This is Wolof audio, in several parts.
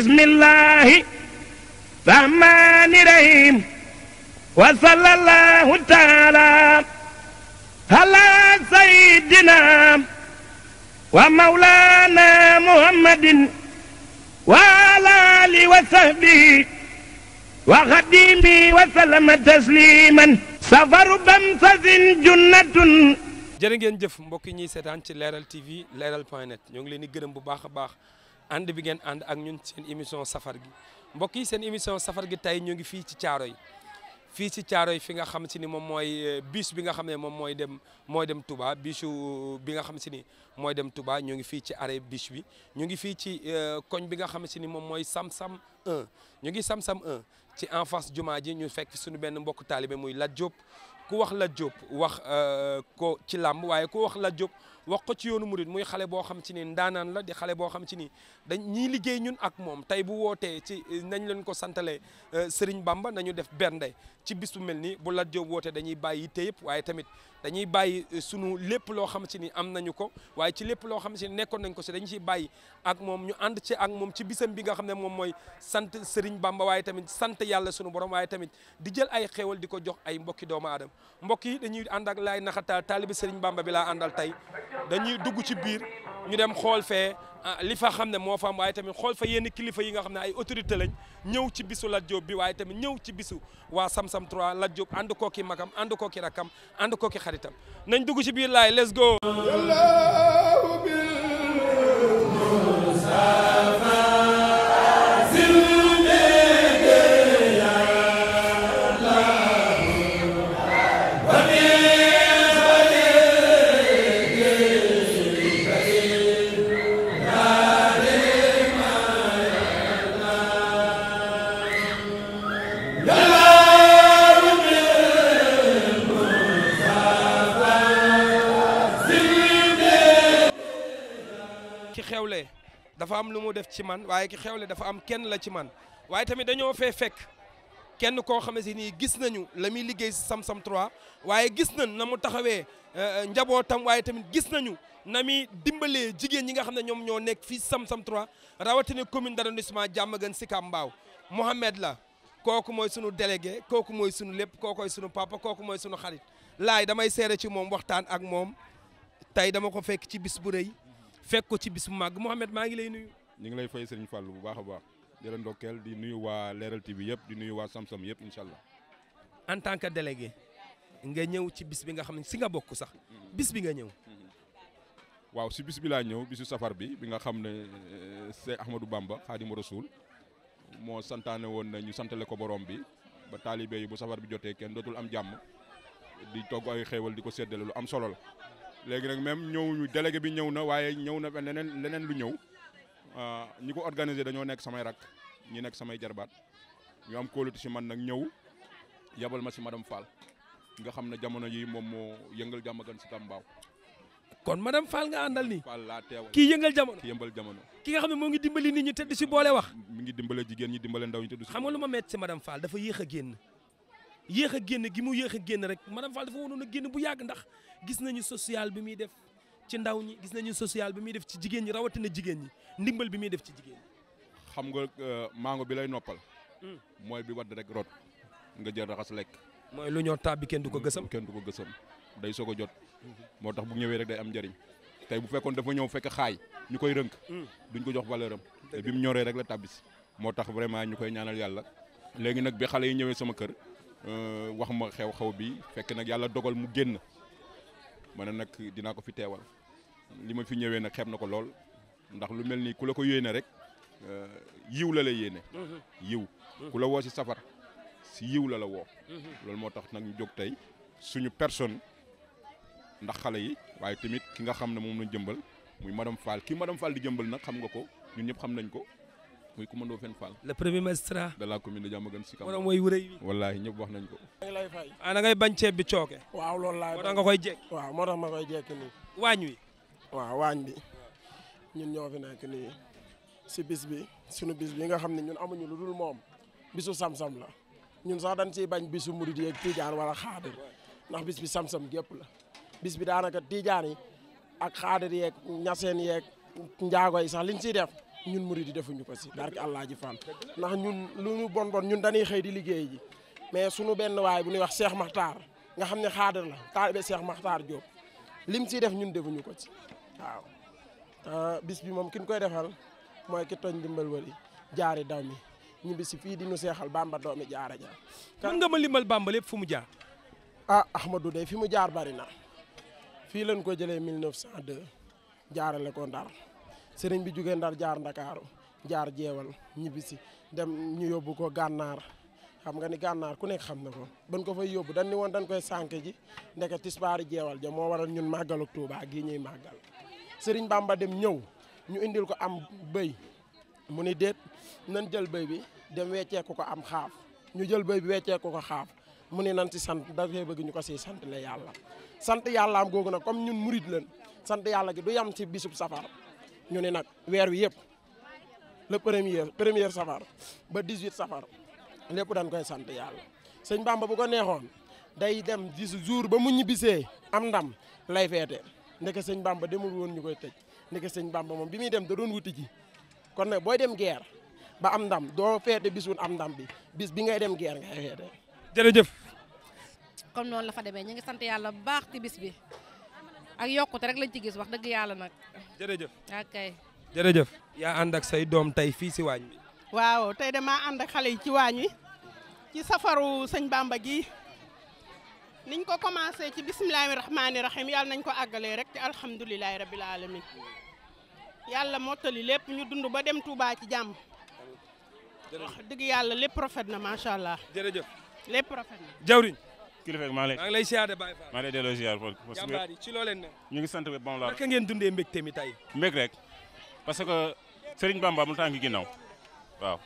bismillaahi rahmaani rahiim wa sallallaahu taala ala sayyidina wa mawlaana muhammadin wa ala aalihi wa sahbihi wa xadiimihi wa sallama tasliiman safaru bamsasin junnatun jërë ngeen jëf mbokk yi ñuy seetaan ci leeral TV leeral point net ñoo ngi leen di gërëm bu baax a baax ànd bi ngeen ànd ak ñun seen émission safar gi mbokk yi seen émission safar gi tey ñu ngi fii ci caaro yi fii ci caaro yi fi nga xam si ni moom mooy euh, bis bi nga xam ne moom mooy dem mooy dem Touba bisu euh, bi nga xam si ni mooy dem Touba ñu ngi fii ci arrêt bis bi ñu ngi fii ci euh, koñ bi nga xam si ni moom mooy sam 1 ñu ngi sam 1 ci en face jumaa ji ñu fekk suñu benn mbokk taalibe muy la Diop ku wax Lat Diop wax euh, ko ci làmb waaye ku wax Lat Diop wax ko ci yoonu mu murit muy xale boo xam ci ni ndaanaan la di xale boo xam ci ni dañ ñiy liggéey ñun ak moom tey bu wootee ci nañ leen ko santalee euh, Serigne Bamba nañu def bernde ci bis bu mel nii bu Lat Diop wootee dañuy bàyyi yitte yëpp waaye tamit dañuy bàyyi euh, sunu lépp loo xam si ni am nañu ko waaye ci lépp loo xam si ni nekkoon nañ ko si dañu ciy bàyyi ak moom ñu ànd ci ak moom ci bisam bi nga xam ne moom mooy sant Serigne Bamba waaye tamit sant yàlla sunu borom waaye tamit di jël ay xéewal di ko jox ay mbokki doomu aadama mbokk yi dañuy ànd ak laay naxataal taalibi Serigne Bamba bi laa àndal tey dañuy dugg ci biir ñu dem xool fee Ah, li fa xam ne moo fa am waaye tamit xool fa yenn kilifa yi nga xam ne ay autorité lañ ñëw ci bisu Lat Diop bi waaye tamit ñëw ci bisu waa Samsam 3 Lat Diop ànd koo ki magam ànd koo ki rakkam ànd koo xaritam nañ dugg ci biir laay let's go. ci man waaye ki xewle dafa am kenn la ci man waaye tamit dañoo fee fekk kenn koo xam ne si nii gis nañu la muy liggéey si Sam-Sam waaye gis nañ na mu taxawee euh, euh, njabootam waaye tamit gis nañu na muy dimbalee jigéen ñi nga xam ne ñoom ñoo nekk fii sam commune 3 rawatina commune jàmmagan Diamaguène Sicap Mbao Mohamed la kooku mooy sunu délégué kooku mooy sunu lépp kookoy sunu papa kooku mooy sunu xarit laay damay seere ci moom waxtaan ak moom tey dama ko fekk ci bis bu rëy fekk ci bis màgg Mohamed maa ngi lay nuyu. ñu ngi lay fay Serigne Fallou bu baax a baax di la ndokkeel di nuyu waa Leral TV yëpp di nuyu waa Samsam yëpp incha allah. en tant que délégué nga ñëw ci bis bi nga xam ne si nga bokk sax. bis bi nga ñëw. waaw si bis bi laa ñëw bisu safar bi bi nga xam ne eh, Seex Ahmadou Bamba Xaadimu Rasuul moo santaane woon na ñu santale ko borom bi ba taalibe yi bu safar bi jotee kenn dootul am jàmm di togg ay xéewal di ko séddale lu am solo la léegi rek même ñëw ñu délégué bi ñëw na waaye ñëw na leneen leneen lu ñëw Euh, ñi ko organisé dañoo nekk samay rak ñi nekk samay jarbaat ñu am kóolute si man nag ñëw yabal ma si madame Fall nga xam ne jamono yi moom moo yëngal jàmmagan si Kambaaw. kon madame Fall nga àndal nii. Fall laa teewal kii yëngal jamono kii jamono. ki nga xam ne moo ngi dimbali nit ñi tëdd si boole wax. mi ngi dimbale jigéen ñi dimbale ndaw ñi tëdd si. xam nga lu ma métti si madame faal dafa yéex a génn yéex a génn gi mu yéex a génn rek madame Fall dafa waroon a génn bu yàgg ndax gis nañu social bi muy def ci ndaw ñi gis nañu social bi muy def ci jigéen ñi rawatina jigéen ñi ndimbal bi muy def ci jigéen ñi. xam nga euh, mango bi lay noppal. Hmm. mooy bi wadd rek rot nga jël raxas lekk. mooy lu ñoo tàbbi kenn du ko hmm, gësam kenn du ko gësam day soog a jot. Hmm. moo tax bu ñëwee rek day am njëriñ tey bu fekkoon dafa ñëw fekk xaay ñu koy rënk. duñ ko jox valeur am. bi mu ñoree rek la tàbbisi moo tax vraiment ñu koy ñaanal yàlla. léegi nag bi xale yi ñëwee sama kër euh, wax ma xew-xew bi fekk nag yàlla dogal mu génn ma ne nag dinaa ko fi teewal. li ma fi ñëwee nag xeeb na ko lool ndax lu mel nii ku la ko yéene rek euh, yiw la la yéene. Mm-hmm. yiw mm-hmm. ku la woo si safar si yiw la la woo. Mm-hmm. loolu moo tax nag ñu jóg tey suñu personne ndax xale yi waaye tamit ki nga xam ne moom lañ jëmbal muy madame Fall ki madame Fall di jëmbal nag xam nga ko ñun ñëpp xam nañ ko. muy commando fen Fall. le premier la commune de Diamaguène Sicap. maanaam mooy wurey bi. wallaahi wax nañ ko. ah da ngay bañ ceeb bi cooke. waaw lool laa moo tax nga koy jekk. waaw moo tax ma koy jekk nii. waañ wi. waaw waañ bi ñun ñoo fi nekk nii si bis bi sunu bis bi nga xam ne ñun amuñu lu dul moom bisu sam-sam la ñun sax dañ ciy bañ bisu murid yeeg tiijaan wala xaadir ndax bis bi sam-sam gépp la bis bi daanaka tiijaan ak xaadir yeeg ñaseen yeeg njaago yi sax liñ ciy def ñun murid yi defuñu ko si darki allah ji fan ndax ñun lu ñu bon bon ñun dañuy xëy di liggéey ji mais sunu benn waay bu ñuy wax seex Makhtar nga xam ne xaadir la taal taalibe Cheikh Makhtar Diop lim ciy def ñun defuñu ko ci waaw euh, bis bi moom kin koy defal mooy ki tooñ dimbal wëri jaari daw mi fii di nu seexal bamba doomi jaara ja kan nga ma limal bamba lépp fu mu jaar ah ahmadou de fi mu jaar bari na fii lan ko jëlee 1902 jaarale ko ndar sëriñ bi jugee ndar jaar ndakaaru jaar jeewal ñibbi si dem ñu yóbbu ko gànnaar xam nga ni gànnaar ku nekk xam na ko ban ko fay yóbbu dañ ni woon dañ koy sànk ji ndeke tisbaari jeewal ja moo waral ñun màggalu Tuubaa gii ñuy màggal Serigne Bamba dem ñëw ñu indil ko am bëy mu ni déet nan jël bëy bi dem wecceeku ko am xaaf ñu jël bëy bi wecceeku ko xaaf mu ne nan si sant dafay bëgg ñu ko siy sant la yàlla sant yàlla am googu nag comme ñun murid lañ sant yàlla gi du yam ci bisub safar ñu ne nag weer wi yëpp le premier premier safar ba 18 safar lépp dañ koy sant yàlla sëñ Bamba bu ko neexoon day dem 10 jours ba mu ñibbisee am ndam lay feete ndeke sëñ Bamba demul woon ñu koy tëj ndeke sëñ Bamba moom bi muy dem da doon wuti ji kon nag booy dem guerre ba am ndam doo feete bisul am ndam bi bis bi ngay dem guerre ngay feete. jërëjëf. comme noonu la fa demee ñu ngi sant yàlla bu baax ti bis bi ak yokkute rek lañ ci gis wax dëgg yàlla nag. jërëjëf ok. jërëjëf. yaa ànd ak say doom tey fii si waañ bi. waaw tey damaa ànd ak xale yi ci waañ wi ci safaru sëñ Bamba gi. niñ ko commencé ci bisimilahi rahmaani rahim yàlla nañ ko àggalee rek ci alhamdulilahi alamin yàlla mottali lépp ñu dund ba dem Touba ci jàmm wax dëgg yàlla lépp rafet na macha allah. jërëjëf lépp rafet na jawriñ kilifa maa ngi lay siyaare Baye Fall maa ngi lay delloo ñu ngi sant ba mu laal naka ngeen dundee mbégte mi tey mbég rek parce que Serigne Bamba mu tànk ginnaaw waaw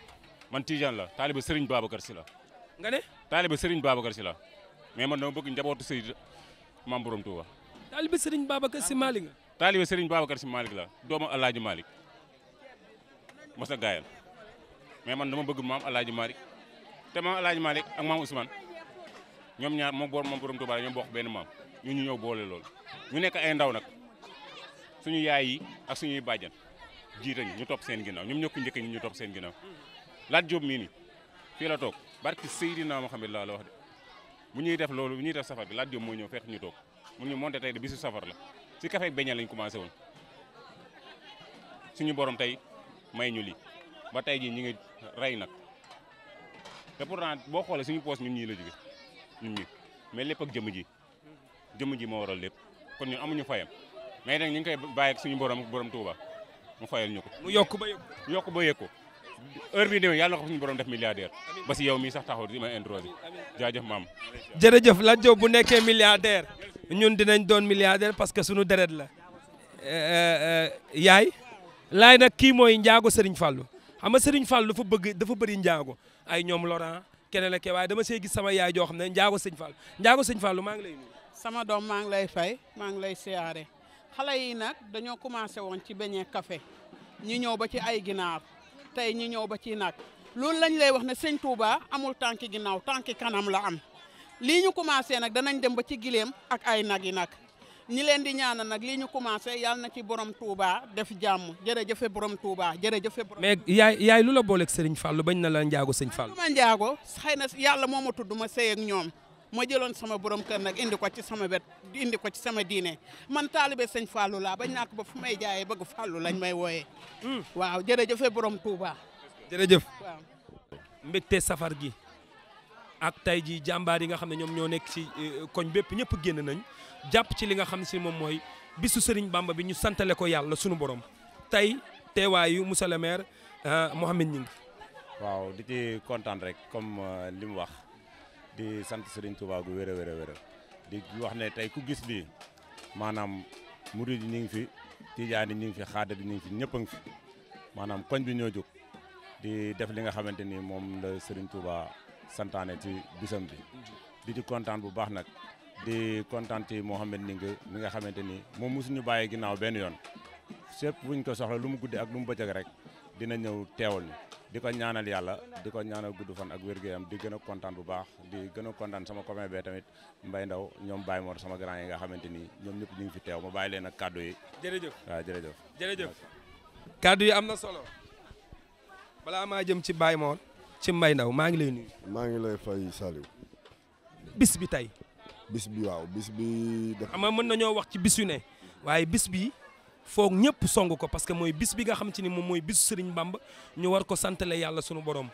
man Tidiane la taaliba sëriñ Babacar Sy la nga ne taaliba Serigne Babacar Sy la mais man dama bëgg njabootu Seydi maam borom Touba. taalibe sëriñ Babacar si Malick la. taalibe Serigne Babacar si Malick la doomu El Hadj Malick Moussa Gaayal man dama bëgg maam El Hadj Malick te maam El Hadj Malick ak maam Ousmane ñoom ñaar moom borom maam borom Touba ñoom bokk benn maam ñu ñu ñëw boole loolu ñu nekk ay ndaw nag suñu yaay yi ak suñuy bàjjan jiitañu ñu topp seen ginnaaw ñoom ñoo ko njëkk ñu topp seen ginnaaw Lat Diop mii nii fii la toog barki Seydina laa la wax bu ñuy def loolu bu ñuy def safar bi laaj joom moo ñëw fekk ñu toog mun ñu monté tey de bisu safar la si café ak beñe lañ commencé woon borom tey may ñu li ba tey ji ñu ngi rey nag te pourtant boo xoolee suñu poos ñu ñii la jóge ñu ñi mais lépp ak jëmm ji jëmm ji moo waral lépp kon ñun amuñu fayam mais nag ñu ngi koy bàyyi ak suñu borom borom Touba mu fayal ñu ko. mu yokk ba yëg ko yokk ko heure bii demee yàlla na ko suñu borom def milliardaire ba si yow mii sax taxaw di ma introsé jaajëf maam. jërëjëf Lat Diop bu nekkee milliardaire ñun dinañ doon milliardaire parce que suñu deret la eh, eh, eh, yaay laay nag kii mooy njaago Serigne Fallou xam nga Serigne Fallou dafa bëgg dafa bëri njaago ay ñoom Laurent keneen ak waaye dama see gis sama yaay joo xam ne njaago Serigne Fallou njaago Serigne Fallou maa ngi lay nuyu. sama doom maa ngi lay fay maa ngi lay siyaare xale yi nag dañoo commencé woon ci beñe café ñu ñëw ba ci ay ginaar. tey ñu ñëw ba ci naag loolu lañ lay wax ne sëñ Touba amul tànki ginnaaw tànki kanam la am lii ñu commencé nag danañ dem ba ci gileem ak ay nag yi nag ñi leen di ñaana nag lii ñu commencé yàlla na ci borom Touba def jàmm jërëjëfe borom Touba jërëjëfe borom. mais yaay yaay lu la booleeg Serigne Fallou bañ na la njaago sëñ Fallou. ma njaago xëy na yàlla moo ma tudd ma sëy ak ñoom. ma jëloon sama borom kër nag indi ko ci sama wet indi ko ci sama diine man taalibe sëñ Fallou laa bañ naa ko ba fu may jaayee bëgg Fallou lañ may wooyee. Hmm. waaw jërëjëfee borom Touba. jërëjëf waaw. mbégte safar gi ak tey jii jàmbaar yi nga xam ne ñoom ñoo nekk ci euh, koñ bépp ñëpp génn nañ jàpp ci li nga xam si moom mooy bisu Serigne bàmba bi ñu santale ko yàlla sunu borom tey teewaayu monsieur le maire euh, Mouhamed Gningue. waaw di ci kontaan rek comme euh, li wax. di sant Serigne Touba gu wér a wér a wér di wax ne tey ku gis lii maanaam murid yi ñu ngi fi tijaan yi ñu ngi fi xaadar yi ñu ngi fi ñëpp a fi maanaam koñ bi ñoo jóg di def li nga xamante ni moom la Serigne Touba santaane ci bisam bi di ci kontaan bu baax nag di kontaan ci Mouhamed ni mi nga xamante ni moom mosuñu bàyyi ginnaaw benn yoon sépp buñ ko soxla lu mu guddi ak lu mu bëccëg rek dina ñëw teewal ñu di ko ñaanal yàlla di ko ñaanal gudd fan ak wér gu di gën a kontaan bu baax di gën a kontaan sama copain bee tamit mbay Ndaw ñoom Baye Mor sama grand yi nga xamante ni ñoom ñëpp ñu ngi fi teew ma bàyyi leen ak kàddu yi. jërëjëf waaw jërëjëf. jërëjëf kàddu yi am na solo balaa maa jëm ci Baye Mor ci mbay Ndaw maa ngi lay nuyu. maa ngi lay fay Saliou. bis bi tey. bis bi waaw bis bi. dafa mën na ñoo wax ci bisu ne waaye bis bi foog ñëpp song ko parce que mooy bis bi nga xam ci ni moom mooy bisu Serigne Bamba ñu war ko santale yàlla sunu borom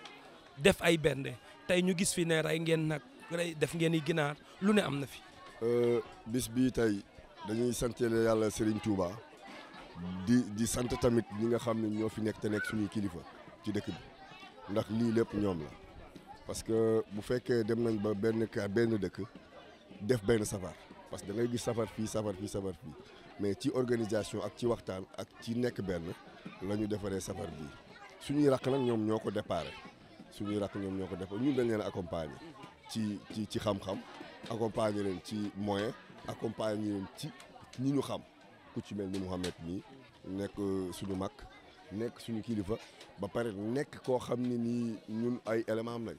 def ay benn tey ñu gis fi ne rey ngeen nag rey def ngeen i ginaar lu ne am na fi. Euh, bis bi tey dañuy santale yàlla Serigne Touba di di sant tamit ñi nga xam ne ñoo fi nekk te nekk suñuy kilifa ci dëkk bi ndax lii lépp ñoom la parce que bu fekkee dem nañ ba benn ka benn dëkk def benn safar parce que da ngay gis safar fii safar fii safar fii. mais ci organisation ak ci waxtaan ak ci nekk benn la ñu defaree safar bii suñuy rakk nag ñoom ñoo ko déparé suñuy rakk ñoom ñoo ko déparé ñun dañ leen accompagner ci ci ci xam-xam accompagner leen ci moyen accompagner leen ci ñi ñu xam ku ci mel ni Mouhamed mii nekk euh, suñu mag nekk suñu kilifa ba pare nekk koo xam ne nii ñun ay élément am lañ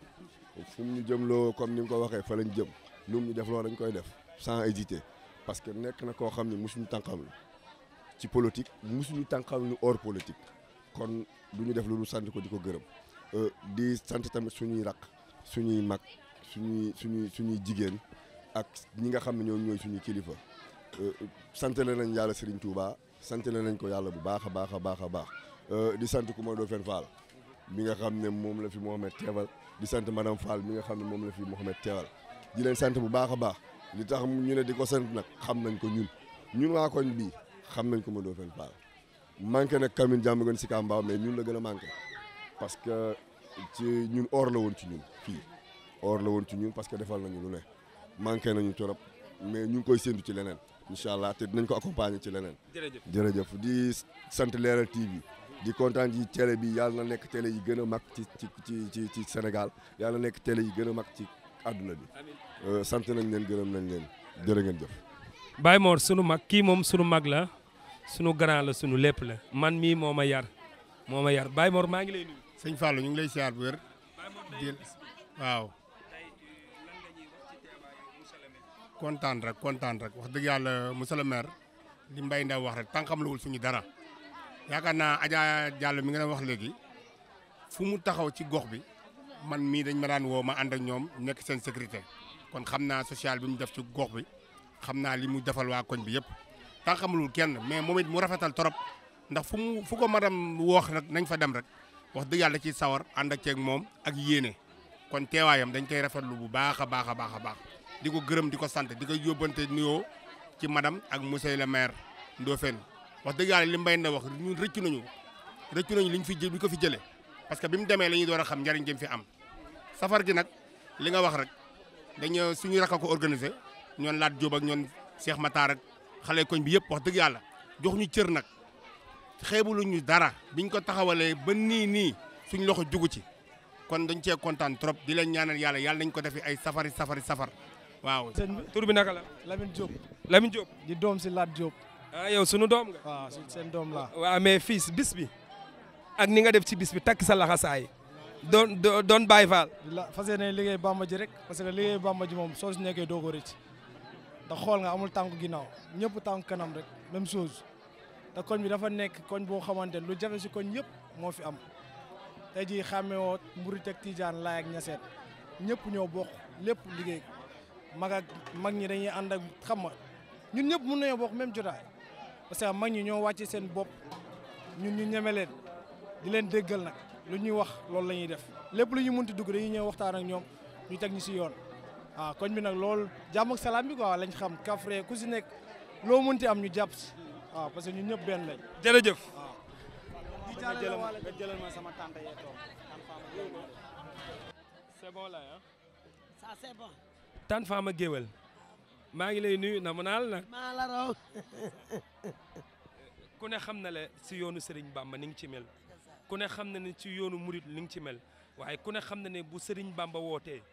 fu ñu ñu loo comme ni nga ko waxee fa lañ jëm lu mu ñu def loo dañ koy def sans hésiter. parce que nekk na koo xam ne mosuñu tànqam la ci politique mosuñu tànqam lu or politique kon du ñu def lu loolu sant ko di ko gërëm euh, di sant tamit suñuy rakk suñuy mag suñuy suñuy suñuy jigéen ak ñi nga xam ne ñoom ñooy suñuy kilifa euh, sant la nañ yàlla si Serigne Touba sant la nañ ko yàlla bu baax a baax a baax a baax euh, di sant Coumba Ndoffène Fall mi nga xam ne moom la fi Mouhamed teewal di sant madame Fall mi nga xam ne moom la fi Mouhamed teewal di leen sant bu baax a baax li tax ñu ne di ko sant nag xam nañ ko ñun ñun waa koñ bii xam nañ ko ma Ndofène Fall manqué nag commune Diamaguène Sicap Mbao mais ñun la gën a manqué parce que ci ñun or la woon ci ñun fii or la woon ci ñun parce que defal nañu lu ne manqué nañu trop mais ñu ngi koy séntu ci leneen incha allah te dinañ ko accompagner ci leneen. jërëjëf jërëjëf di sant Leral TV di kontaan ci télé bi yàlla na nekk télé yi gën a mag ci ci ci ci Sénégal yàlla nekk télé yi gën a mag ci àdduna bi. Euh, sant nañ leen gërëm nañ leen jërë ngeen jëf. Baye Mor sunu mag kii moom sunu mag la sunu grand la sunu lépp la man mii moo ma yar moo ma yar Baye maa ngi lay nuyu. sëñ Fallou ñu ngi lay siyaar bu wér. waaw. kontaan rek kontaan rek wax dëgg yàlla monsieur le maire li Mbaye Ndaw wax rek tànkam suñu dara yaakaar naa Adja Diallo mi nga wax léegi fu mu taxaw ci gox bi man mii dañ ma daan woo ma ànd ak ñoom nekk seen sécurité. kon xam naa social bi mu def ci gox bi xam naa li mu defal waa koñ bi yëpp tant kenn mais moom it mu rafetal trop ndax fu mu fu ko madam woox nag nañ fa dem rek wax dëgg yàlla ci sawar ànd ak ceeg moom ak yéene kon teewaayam dañ koy rafetlu bu baax a baax a baax a baax di ko gërëm di ko sant di ko yóbbante nuyoo ci madam ak monsieur le maire Ndofène wax dëgg yàlla li mbay na wax ñun rëccu nañu rëccu nañu liñ fi jël bi ko fi jëlee parce que bi mu demee la ñuy door a xam njariñ jëm fi am safar gi nag li nga wax rek dañu suñu rakk ko organisé ñoon Laat Jóob ak ñoon Cheikh Matar ak koñ bi yëpp wax dëgg yàlla jox ñu cër nag xeebuluñu dara biñ ko taxawalee ba nii nii suñ loxo jugu ci kon dañ cee kontaan trop di leen ñaanal yàlla yàlla nañ ko defi ay safari safari safar waaw. sëñ bi bi naka la. lamin Diop. Lamine Diop. di doom si Laat Diop. ah yow suñu doom nga. waaw seen doom laa. waaw mais fils bis bi ak ni nga def ci bis bi takk sa laxasaay doon doon Baye Fall. la fas yéene liggéey Bamba ji rek parce que liggéey Bamba ji moom soo si nekkee doo ko rëcc ndax xool nga amul tànku ginnaaw ñëpp tànk kanam rek même chose te koñ bi dafa nekk koñ boo xamante ne lu jafe si koñ yëpp moo fi am tey jii woo Murit ak Tijaan Laay ak Ñaseen ñëpp ñoo bokk lépp liggéey mag mag ñi dañuy ànd ak xam nga ñun ñëpp mun nañoo bokk même jotaay parce que mag ñi ñoo wàcce seen bopp ñun ñu ñeme leen di leen déggal nag. lu ñuy wax loolu la ñuy def lépp lu ñu munti dugg dañuy ñëw waxtaan ak ñoom ñu teg ñu si yoon waaw koñ bi nag loolu jàmm ak salaam bi quoi lañ xam kafre ku si nekk loo munti am ñu jàpp si waaw parce que ñun ñëpp benn lañ. jërëjëf jëlal ma sama tante yee toog tante Géwél. maa ngi lay nuyu na mu naal nag. maa ku ne xam na le si yoonu Serigne Bamba ni ngi ci mel. ku ne xam na ne ci yoonu murit li nga ci mel waaye ku ne xam na ne bu sëriñ Bamba wootee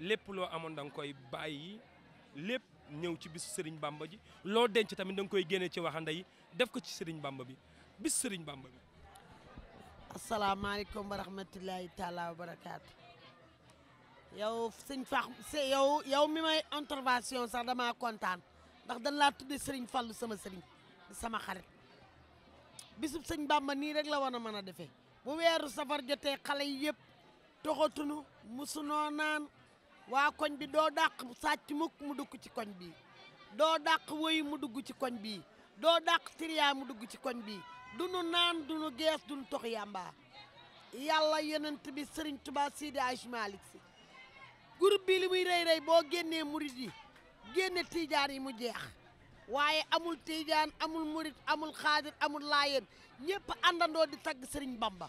lépp loo amoon da koy bàyyi lépp ñëw ci bisu sëriñ Bamba ji loo denc tamit da nga koy génne ci waxande yi def ko ci sëriñ Bamba bi bis sëriñ Bamba bi. asalaamaaleykum wa rahmatulahi taala wa barakaatu. yow sëñ Fax yow yow mi may intervention sax kontaan ndax dañ laa tuddee Serigne Fallou sama Serigne sama xarit bisub sëñ Bamba nii rek la war a mën a defee. mu weeru safar jote xale yi yëpp toxatunu musunoo naan waa koñ bi doo dàq sàcc mukk mu dugg ci koñ bi doo dàq woy mu dugg ci koñ bi doo dàq siriyaa mu dugg ci koñ bi dunu naan dunu gees dunu tox yàmbaa yàlla yenent bi sëriñ Tuubaa Seydi Aj Maalik Si groupe bi li muy rey rey boo génnee murit yi génne tiijaar yi mu jeex waaye amul tiijaan amul murit amul xaadir amul laayeen ñëpp àndandoo di tagg sëriñ Bamba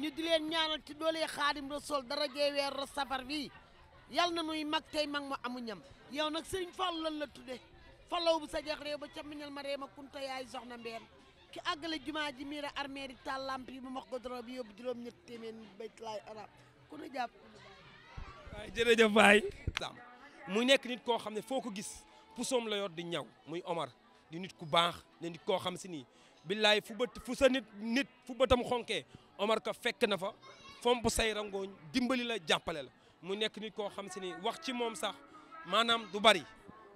ñu di leen ñaanal ci doole xaadim rasool dara jee weeru safar bii yal na nuy mag tey mag ma amul ñam yow nag sëriñ Fallu lan la tudde la bu sa jeex réew ba ca ma réew ma kunta yaay soxna mbeen ki àggale jumaa ji miira armée di taal lamp yi mu max ko doro bi yóbbu juróom ñetti téeméer baytulaay arab ku ne mu nekk nit koo xam ne foo ko gis pusoom la yor di ñaw muy Omar di nit ku baax ne nit koo xam si nii billaay fu bët fu sa nit nit fu bëtam xonkee Omar ka fekk na fa fomp say rangooñ dimbali la jàppale la mu nekk nit koo xam si nii wax ci moom sax maanaam du bari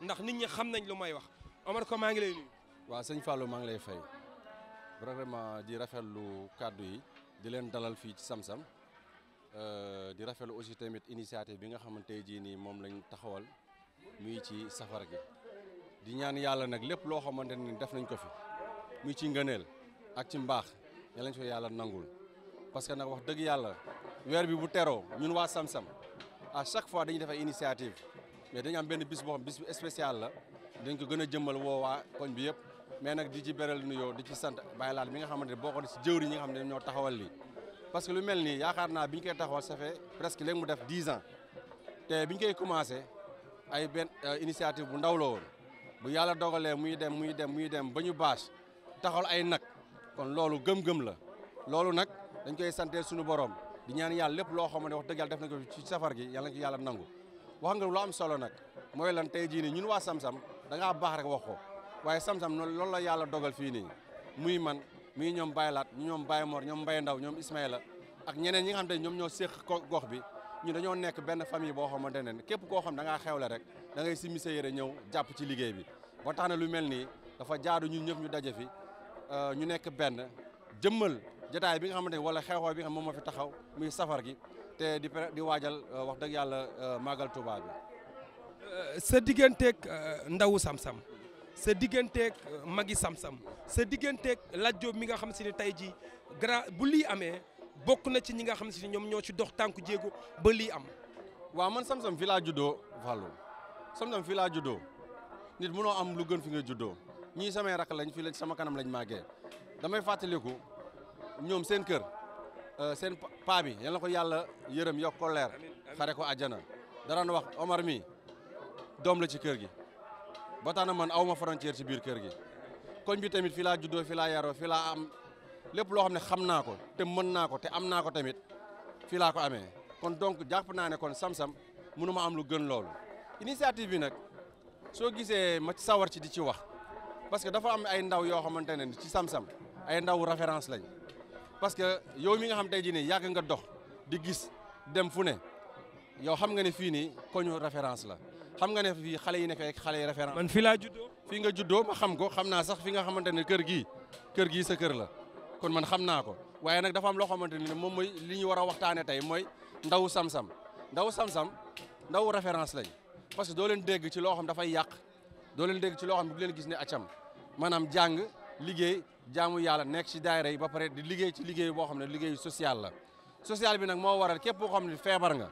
ndax nit ñi xam nañ lu may wax Omar ka maa ngi lay nuyu. waaw sëñ Fallou maa ngi lay fay vraiment di rafetlu kàddu yi di leen dalal fii ci Sam-Sam euh, di rafetlu aussi tamit initiative bi nga xamante ne jii nii moom lañ taxawal. mu ci safar gi di ñaan yàlla nag lépp loo xamante ni def nañ ko fi muy ci ngëneel ak ci mbaax ña lañ ko yàlla nangul parce que nag wax dëgg yàlla weer bi bu teroo ñun waa Sam-Sam à chaque fois dañu def ay initiative mais dañu am benn bis boo xam bis bu spécial la dañ ko gën a jëmmal woo waa koñ bi yëpp mais nag di ci beral nuyoo di ci sant bàyyi laat mi nga xamante ne boo ko ci jëwri ñi nga xam ne ñoo taxawal li parce que lu mel ni yaakaar naa bi ñu koy taxawal ça fait mu def 10 ans ay benn euh, initiative bu ndaw la bu yàlla dogalee muy dem muy dem muy dem ba ñu bâche taxal ay nag kon loolu gëm-gëm la loolu nag dañ koy santee suñu borom di ñaan yàlla lépp loo xam ne wax dëgg yàlla def na ko ci safar gi yàlla na ko yàlla nangu wax nga lu am solo nag mooy lan tey jii nii ñun waa Sam Sam da ngaa baax rek wax ko waaye Sam Sam loolu la yàlla dogal fii nii muy man muy ñoom Baye Laat ñoom Baye Mor ñoom Mbaye Ndaw ñoom Ismaïla ak ñeneen ñi nga xam ñoom ñoo séq gox bi ñu dañoo nekk benn famille boo xamante ne képp koo xam da ngaa xewle rek da ngay simmi sa yére ñëw jàpp ci liggéey bi ba tax na lu mel nii dafa jaadu ñun ñëpp ñu daje fi euh, ñu nekk benn jëmmal jataay bi nga xamante ne wala xew bi xam moom moo fi taxaw muy safar gi te di waajal euh, wax dëgg yàlla euh, màggal sa digganteeg ndawu sam-sam sa digganteeg magi sam sa digganteeg Lat mi nga xam si ne tey ji grand bu lii amee bokk na ci ñi nga xam ne si ñoom ñoo ci dox tànku jéego ba lii am. waaw man Sam Sam fii laa juddoo Fallou Sam filaa fii laa juddoo nit mënoo am lu gën fi nga juddoo ñii samay rakk lañ fii lañ sama kanam lañ màggee damay fàttaliku ñoom seen kër euh, seen paa bi yal na ko yàlla yërëm yokk ko leer xare ko àjjana daraan wax Omar mi doom la ci kër gi ba tax na man aw ma frontière ci biir kër gi koñ tamit fii juddoo fii yaroo fii am lépp loo xam ne xam naa ko te mën naa ko te am naa ko tamit fii laa ko amee kon donc jàpp naa ne kon sam-sam mënu ma am lu gën loolu initiative bi nag soo gisee ma sawar ci di ci wax parce que dafa am ay ndaw yoo xamante ne ci sam-sam ay ndaw référence lañ parce que yow mi nga xam tey ji nii yàgg nga dox di gis dem fu ne yow xam nga ne fii nii koñu référence la xam nga ne fii xale yi nekk xale yi référence. man fii laa juddoo. fii nga juddoo ma xam ko xam naa sax fi nga xamante ne kër gii kër gii sa kër la. kon man xam naa ko waaye nag dafa am loo xamante ni moom mooy li ñu war a waxtaanee tey mooy ndaw sam ndaw sam-sam ndaw référence lañ parce que doo leen dégg ci loo xam dafay yàq doo leen ci loo xam ne du leen gis ne acam maanaam jàng liggéey jaamu yàlla nekk ci daayira yi ba pare di liggéey ci liggéey boo xam ne liggéey sociale la social bi nag moo waral képp koo xam ne feebar nga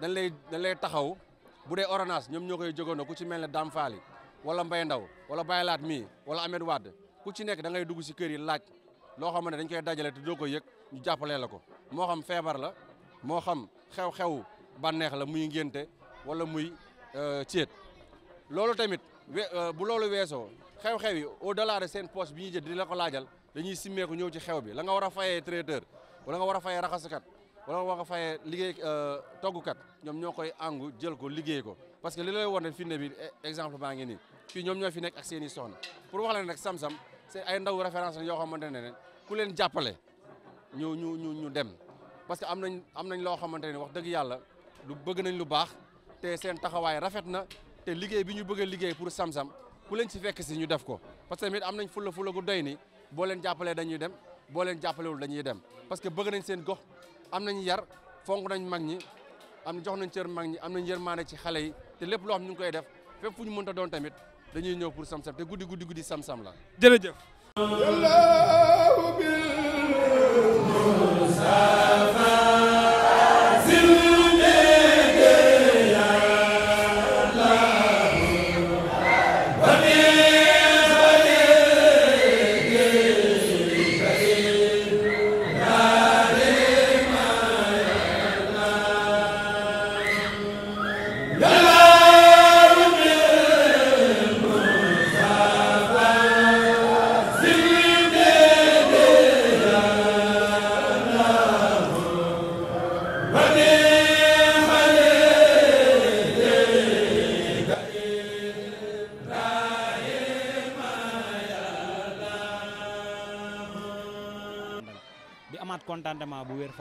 dañ lay dañ lay taxaw bu dee ordonnance ñoom ñoo koy jógandoo ku ci mel ne Dame Faly mbay Ndaw wala Baye mii wala Ahmed Wade ku ci nekk da ngay dugg si kër yi laaj loo xam ne dañ koy dajale te doo ko yëg ñu jàppalee la ko moo xam feebar la moo xam xew-xew banneex la muy ngénte wala muy euh, céet loolu tamit euh, bu loolu weesoo xew-xew yi au delà de seen poste bi ñuy jël di la ko laajal dañuy simmeeku ñëw ci xew bi la nga war a fayee traiteur wala war a fayee raxaskat wala nga a fayee liggéey euh, toggukat ñoom ñoo koy àngu jël ko liggéey ko parce que li lay war na fi ne bi e-, exemple baa ngi nii fii ñoom ñoo fi nekk ak seen i soxna pour wax la ne nag sam-sam c'est ay ndaw référence la yoo xamante ne ku leen jàppale ñu ñu ñu ñu dem parce que am nañ am nañ loo xamante ne wax dëgg yàlla lu bëgg nañ lu baax te seen taxawaay rafet na te liggéey bi ñu bëggee liggéey pour Sam-Sam ku leen si fekk si ñu def ko parce que tamit am nañ fulla fulla gu doy ni boo leen jàppalee dañuy dem boo leen jàppalewul dañuy dem parce que bëgg nañ seen gox am nañ yar fonk nañ mag ñi am jox nañ cër mag ñi am nañ yërmaande ci xale yi lépp loo xam ñu ngi def fépp fu ñu mënta doon tamit dañuy ñëw pour sam-sam te guddi guddi guddi sam-sam la jërëjëf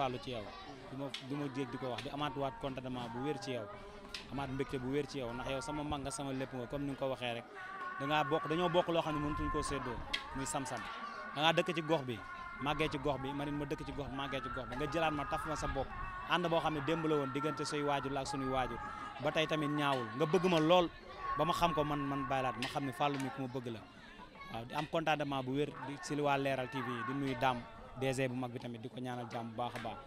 faalu ma du ma jéeg di ko wax di amaat waat contentement bu wér ci yow amaat mbégte bu wér dangaa dëkk ci gox bi màggee ci gox bi ma nit ma dëkk ci gox bi màggee ci gox bi nga jëlaat ma taf ma sa bopp ànd boo xam ne démb la woon diggante suy waajur la ak suñuy waajur ba tey tamit ñaawul nga bëgg ma lool ba ma xam ko man man baylaat ma xam ne fàllu mi ku ma bëgg la waaw di am contentement bu wér di si waa leeral TV di nuyu daam DG bu mag bi tamit di ko ñaanal jàmm bu baax a baax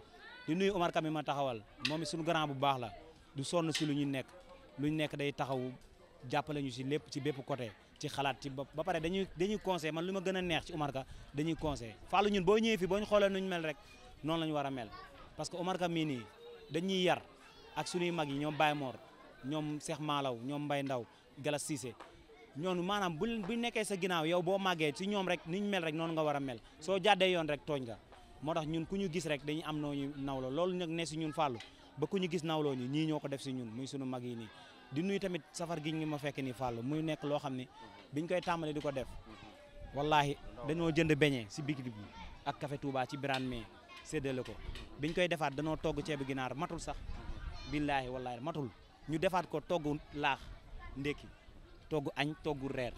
di nuyu Omar Kami ma taxawal moom it suñu grand bu baax la du sonn si lu ñu nekk lu ñu nekk day taxaw jàppale ñu si lépp ci bépp côté ci xalaat ci ba pare dañuy dañuy conseil man lu ma gën a neex ci Omar dañuy conseil fàllu ñun boo ñëwee fi boo ñu xoolee nu ñu mel rek noonu la ñu war a mel parce que Omar mii nii dañuy yar ak suñuy mag yi ñoom Baye Mor ñoom Cheikh maalaw ñoom Mbay Ndaw Galas Cissé ñoonu maanaam bu bu nekkee sa ginnaaw yow boo màggee ci ñoom rek ni ñu mel rek noonu nga war a mel soo jàddee yoon rek tooñ nga moo tax ñun ku ñu gis rek dañu am noo ñu nawloo loolu nag ne si ñun fàllu ba ñu gis nawloo ñu ñii ñoo ko def si ñun muy sunu mag yi nii di nuyu safar gi ngi ma fekk nii fàllu muy nekk loo xam ne biñ koy tàmbali di ko def wallahi dañoo jënd beñe si big bi ak café Touba ci biraan mais séddale ko biñ koy defaat dañoo togg ceebu ginaar matul sax billaahi wallahi matul ñu defaat ko togg laax ndekki togg añ togg reer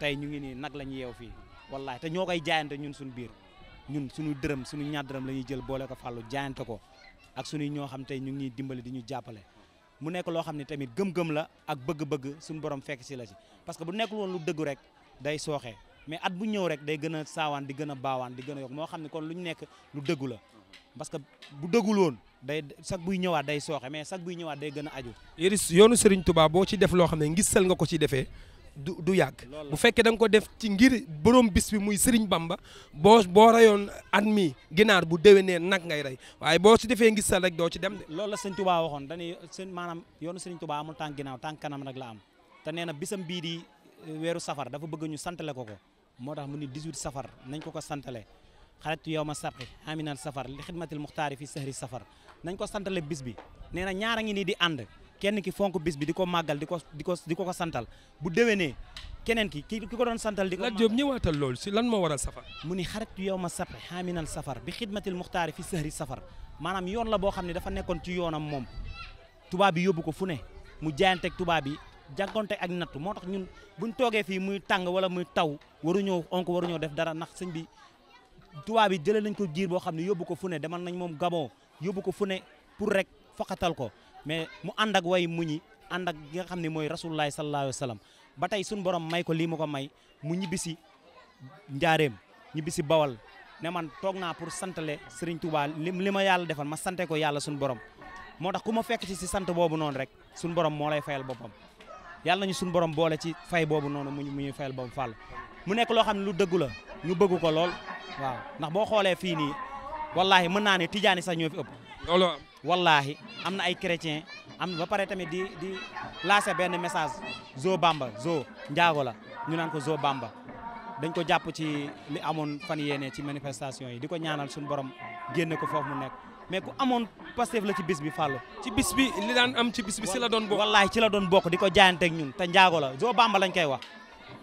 tey ñu ngi nii nag la ñu yeew fii wallahi te ñoo koy jaayante ñun suñu biir ñun suñu dërëm suñu ñaar dërëm la ñuy jël boole ko fàllu jaayante ko ak suñuy ñoo xam tey ñu ngi ñuy dimbali di ñu jàppale mu nekk loo xam ne tamit gëm-gëm la ak bëgg-bëgg suñu borom fekk si la si parce que bu nekkul woon lu dëggu rek day sooxee mais at bu ñëw rek day gën a saawaan di gën a baawaan di gën a yokk moo xam ne kon lu ñu nekk lu dëggu la parce que bu dëggul woon day sag buy ñëwaat day sooxe mais sag buy ñëwaat day gën a aju. Iris yoonu Serigne Touba boo ci def loo xam ne ngisal nga ko ci defee du du yàgg. bu fekkee da nga ko def ci ngir borom bis bi muy Serigne Bamba boo boo reyoon at mi ginaar bu dewee déwénee nag ngay rey waaye boo ci defee ngisal rek doo ci dem de. loolu la Serigne Touba waxoon dañuy seen maanaam yoonu Serigne Touba amul tànk ginnaaw tànk kanam rek la am te nee na bisam bii di eh, weeru safar dafa bëgg ñu santale ko ko moo tax mu ni 18 safar nañ ko ko santale xarajtu yow ma sabqi aminal safar li xidmatil muxtaari fi sahri safar nañ ko santale bis bi nee na ñaara ngi nii di ànd kenn ki fonk bis bi di ko màggal di ko di ko di ko ko santal bu déwénee keneen ki ki ko doon santal di ko Lat Diop ñëwaatal loolu si lan moo waral safar mu ni xarajtu yow ma sabqi aminal safar bi xidmatil muxtaari fi sahri safar maanaam yoon la boo xam ne dafa nekkoon ci yoonam moom tubaab bi yóbbu ko fu ne mu jaayanteeg tubaab bi jànkonte ak nattu moo tax ñun buñ toogee fii muy tàng wala muy taw waruñoo onk waruñoo def dara ndax sëñ bi tubaab yi jëlee nañ ko jiir boo xam ne yóbbu ko fu ne demal nañ moom Gabon yóbbu ko fu ne pour rek foqatal ko mais mu ànd ak way mu ànd ak nga xam ne mooy rasulullahi sallallahu alayhi wa sallam ba tey suñu borom may ko lii mu ko may mu ñibbisi njaareem ñibbisi bawal ne man toog naa pour santale Serigne Touba li li ma yàlla defal ma sante ko yàlla suñu borom moo tax ku ma fekk ci si sant boobu noonu rek suñu borom moo lay fayal boppam yàlla nañu suñu borom boole ci fay boobu noonu mu ñuy fayal boppam fàll mu nekk loo xam ne lu dëggu la ñu bëgg ko lool waaw ndax boo xoolee fii nii wallaahi mën naa ne tijaani sax ñoo fi ëpp. loolu wallaahi am na ay chrétien am ba pare tamit di di lancé benn message Zo Bamba Zo Njaago la ñu naan ko Zo Bamba dañ ko jàpp ci li amoon fan yéene ci manifestation yi di ko ñaanal suñu borom génne ko foofu mu nekk mais ku amoon Pastef la ci bis bi fàllu ci bis bi li daan am ci bis bi la doon bokk. wallaahi ci la doon bokk di ko jaayanteeg ñun te Njaago la Zo Bamba lañ koy wax.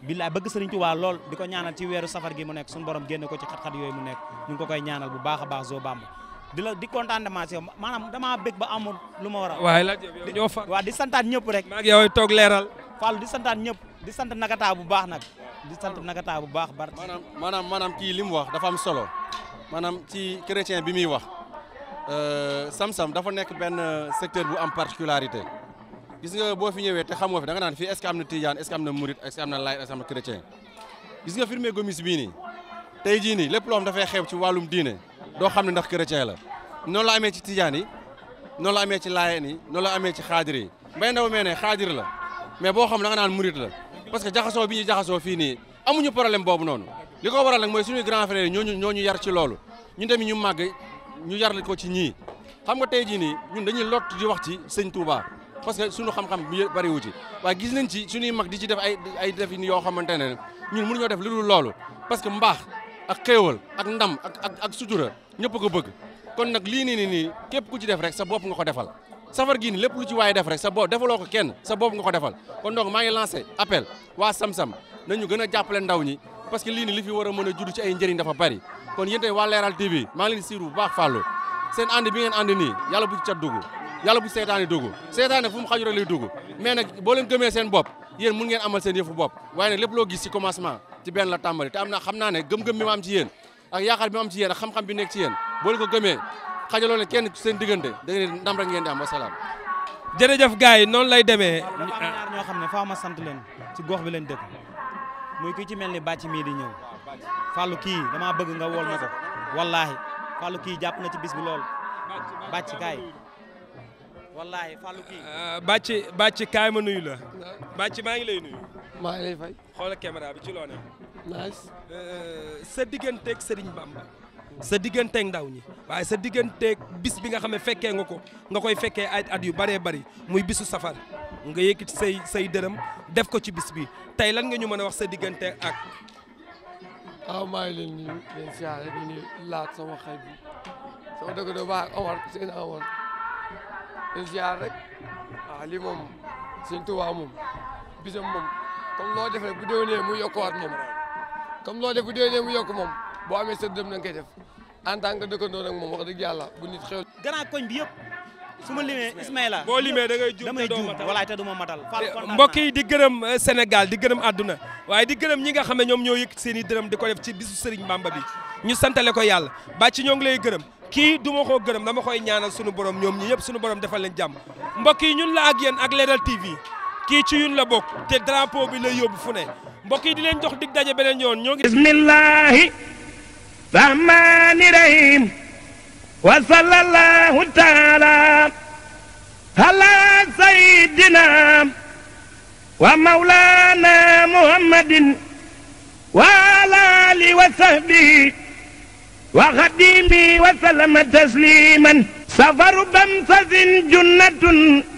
billaay bëgg sëriñ Tuubaa lool di ko ñaanal ci weeru safar gi mu nekk suñu borom génne ko ci xat-xat yooyu mu nekk ñu ngi ko koy ñaanal bu baax a baax Zo Bamba di la di kontaan dama si maanaam damaa bëgg ba amul lu ma war a waaye laaj yow ñoo fa waaw di santaat ñëpp rek maa ngi yow toog leeral Fallou di santaat ñëpp di sant nagataa bu baax nag di sant nagataa bu baax bar maanaam maanaam maanaam kii li mu wax dafa am solo maanaam ci chrétien bi muy wax sam-sam euh, dafa nekk benn euh, secteur bu am particularité gis nga boo fi ñëwee te xamoo fi da nga naan fii est-ce que am na tijaan est-ce que am na murit est-ce que am na gomis bii tey jii nii lépp loo dafay xew ci wàllum diine doo xam ne ndax chrétien la noonu la amee ci tijaan yi noonu la amee ci laayeen yi noonu la amee ci xaadir yi mbay ndaw mee ne la mais boo xam da nga naan murit la parce que jaxasoo bi ñuy jaxasoo fii nii amuñu problème boobu noonu li ko waral nag mooy suñuy grand frère ñoo ñooñu yar ci loolu ñun tamit ñu màgg ñu yar ko ci ñii xam nga tey jii nii ñun dañuy lott di wax ci sëñ Touba parce que suñu xam-xam bari wu ci waaye gis nañ ci suñuy mag di ci def ay ay defin yoo xamante ne ñun mënuñoo def lu dul loolu parce que mbaax ak xéewal ak ndam ak ak ak sutura ñëpp ko bëgg kon nag lii nii nii nii képp ku ci def rek sa bopp nga ko defal safar gii nii lépp lu ci waaye def rek sa bopp defaloo ko kenn sa bopp nga ko defal kon donc maa ngi lancé appel waa Sam-Sam nañu gën a jàppale ndaw ñi parce que lii li fi war a mën a judd ci ay njëriñ dafa bari kon yéen tey waa Leral maa ngi leen bu baax fàllu seen ànd bi ànd nii yàlla bu ci dugg yàlla bu seytaane dugg seytaane fu mu xaju rek lay dugg mais nag boo leen gëmee seen bopp yéen mun ngeen amal seen yëfu bopp waaye nag lépp loo gis ci commencement ci benn la tàmbali te am na xam naa ne gëm-gëm bi ma am ci yéen ak yaakaar bi ma ci yéen ak xam-xam bi nekk ci yéen boo ko gëmee xajaloo leen kenn seen diggante da ngeen ndam rek ngeen di am wasalaam jërëjëf gars yi noonu lay demee ñaar xam ne faaw ma sant leen ci gox bi leen dëkk muy kii ci mel ni bàcc mii di ñëw fàllu kii damaa bëgg nga wool ma ko wallaahi fàllu kii jàpp na ci bis lool bàcc kaay wallaahi Fallou euh, bàcc bàcc kaay ma nuyu la. bàcc maa ngi lay nuyu. maa ngi lay fay. xoolal caméra ci loo ne. nice. Euh, sa digganteeg Serigne Bamba. sa digganteeg ndaw ñi waaye sa digganteeg bis bi nga xam ne fekkee nga ko nga koy fekkee ay at yu bëree bëri muy bisu safar nga yëkkati say say dërëm def ko ci bis bi tey lan nga ñu mën a wax sa diggante ak. waaw ah, maa ngi leen di nuyu leen siyaare ziar rek waaw ah, lii moom sëñ Tuubaa moom bisam moom comme loo def bu bu déwénee mu yokkuwaat moom comme loo def bu déwénee mu yokk moom boo amee sa dëm na nga def en tant que dëkkandoo nag moom wax dëgg yàlla bu nit xew. gannaaw koñ bi yëpp su ma limee Ismaïla boo limee da ngay juum damay juum walaay te du ma matal eh, mbokk yi di gërëm eh, Sénégal di gërëm àdduna waaye di gërëm ñi nga xam ne ñoom ñoo yëkk seen i dërëm di ko def ci bisu Serigne Bamba bi ñu santale ko yàlla bàcc ñoo ngi lay gërëm kii du ma koo gërëm dama koy ñaanal sunu borom ñoom ñi yëpp sunu borom defal leen jàmm mbokk yi ñun la ak ak Leral TV kii ci yun la bokk te drapeau bi lay yóbbu fu mbokk yi di leen jox dig daje beneen yoon ñoo ngi bismillahi rahmani rahim wa sallallahu taala ala sayidina wa maulana muhammadin wa ala ali wa sahbihi wa xadimi wa salama tasliman safaru bamsasin junnatun